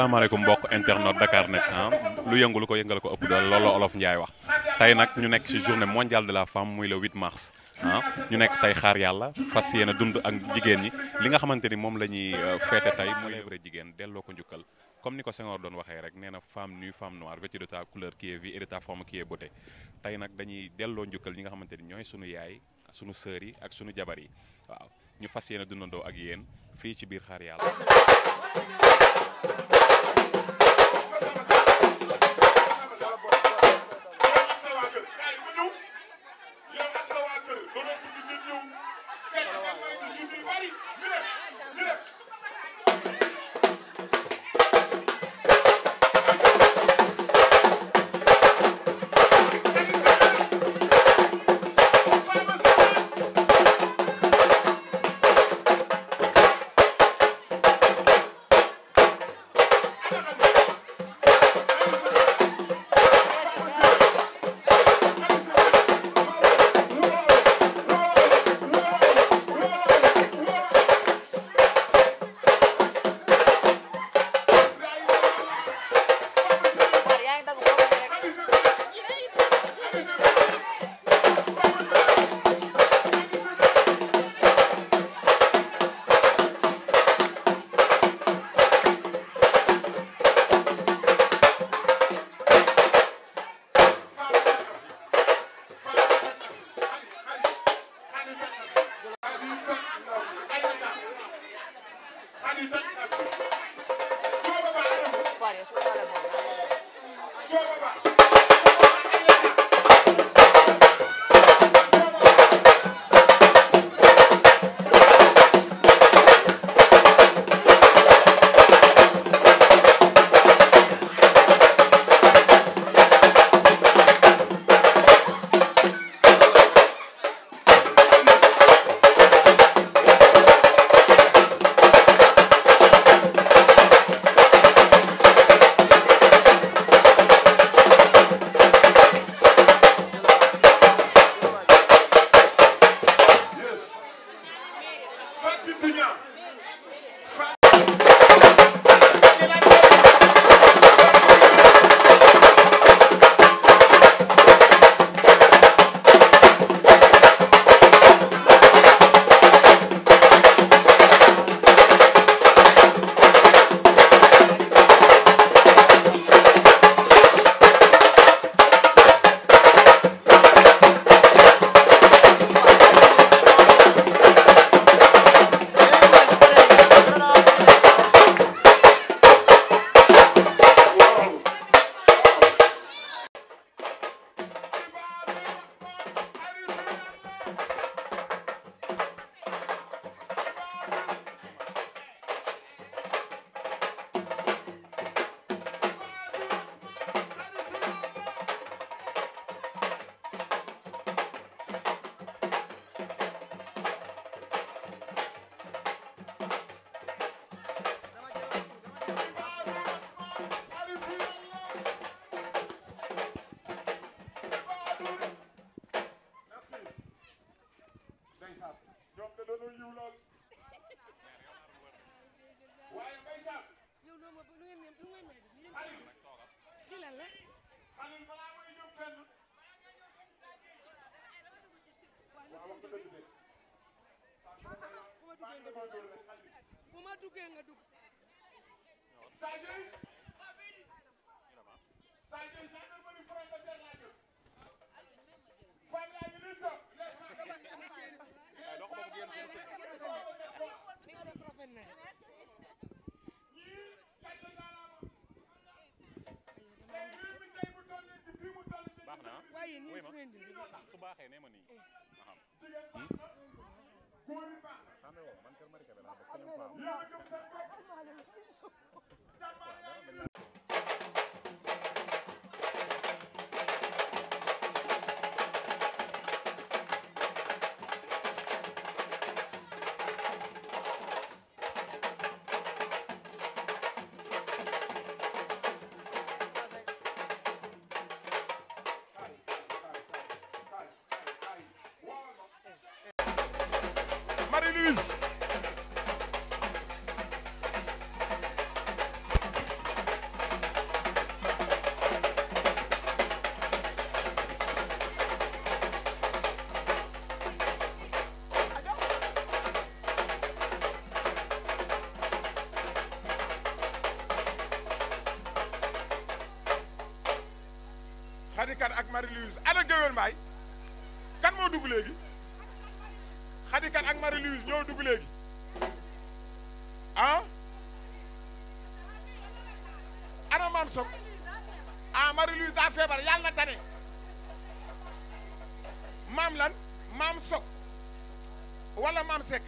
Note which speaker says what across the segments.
Speaker 1: asalaamaaleykum mbokk internet Dakar Net ah lu yëngu lu ko yëngal ko ëpp doole loolu la olof Ndiaye wax tey nag ñu nekk ci journée mondiale de la femme muy le 8 mars ah ñu nekk tey xaar yàlla fas yéene dund ak jigéen ñi li nga xamante ni moom la ñuy euh, féete tey muy célébrer jigéen delloo ko njukkal comme ni ko Senghor doon waxee rek nee na femme nue femme noire vêtue de couleur qui vie et de ta forme qui est tey nag dañuy delloo njukkal ñi nga xamante ni ñooy sunu yaay sunu sœur yi ak sunu jabar yi ñu fas yéene dundandoo ak yéen fii ci biir Xaar Yàlla parece, cara, mano. Joga, vai.
Speaker 2: dañoo yiw lool waaye Mbaye Thiam. yow noo ma lu ngeen lu ngeen may def li
Speaker 1: ngeen
Speaker 2: lan la. xalil balaa may ñëw fenn. waaw wax dëgg de. bu ma duggee nga dugg. Sadio. Sadio gendarmerie frontière laa jël.
Speaker 1: fan laa ngi nii toog. baax
Speaker 2: na ah. waaye nii ah,
Speaker 1: su baaxee nee ma nii eh. ma xam.
Speaker 2: Hmm? Gomis Xadikat ak Marie-Louise ana géwél mbaay kan moo dugg Khady ak Marie Louise ñoo dugg léegi ah ana maam Sock ah Marie Louise daa feebar yàlla na tane maam lan maam Sock wala maam Seck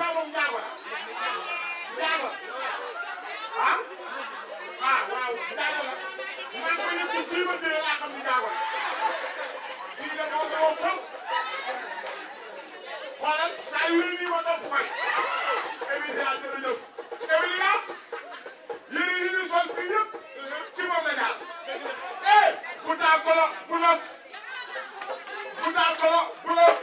Speaker 2: moom njaago la njaago ah ah waaw njaago la man ma ne si fii ba tey laa xam njaago la fii la dama doon toog xoolal saa yu ni ma topp koy émission jërëjëf émission yéen yi ñu sol si ñëpp ci moom la daal eh bu taa kolo bu lóob bu taa kolo bu lóob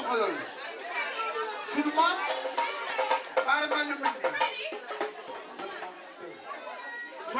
Speaker 2: ñaaw ko loolu suñu maam baara maa ngi moo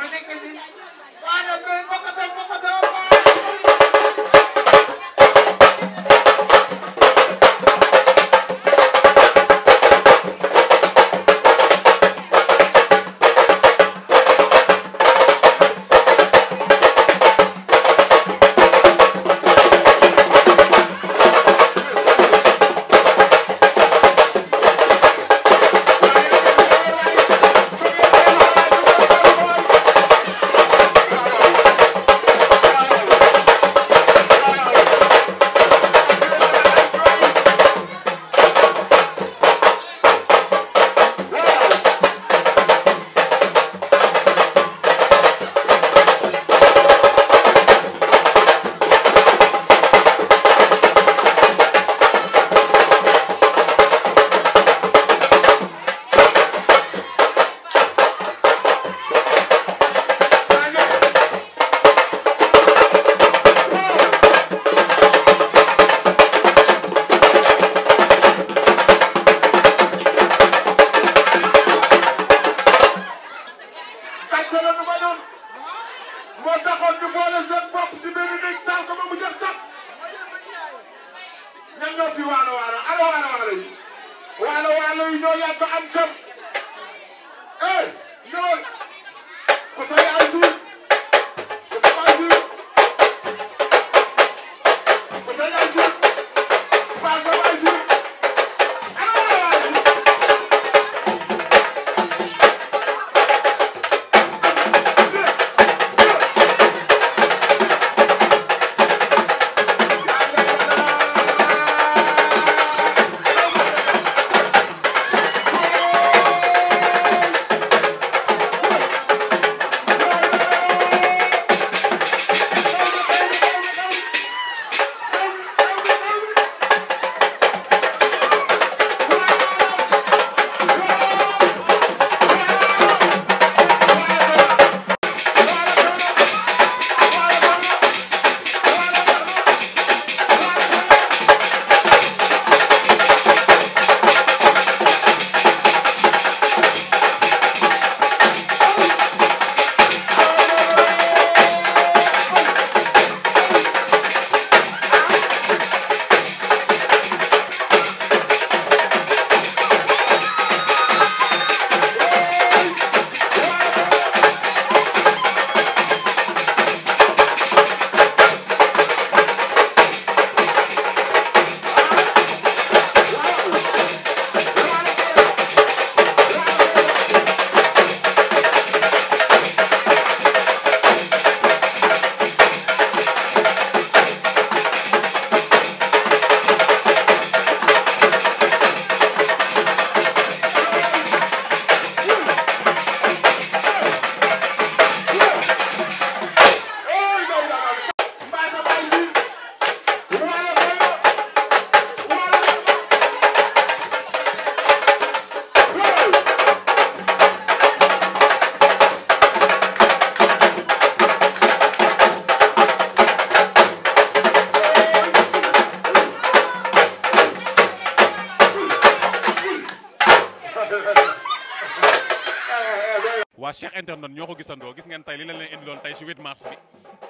Speaker 1: waa Cheikh internet ñoo ko gisandoo gis ngeen tey li leen leen indiloon tey si 8 mars bi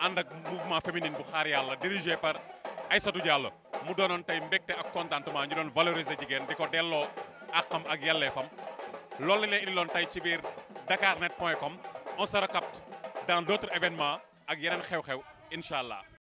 Speaker 1: ànd ak mouvement féminine bu xaar yàlla dirigé par Aïssatou Diallo mu doonoon tey mbégte ak contentement ñu doon valoriser jigéen di ko delloo àqam ak yelleefam loolu la leen indiloon tey ci biir dakarnet point com on se recapte dans d' autres événements ak yeneen xew-xew incha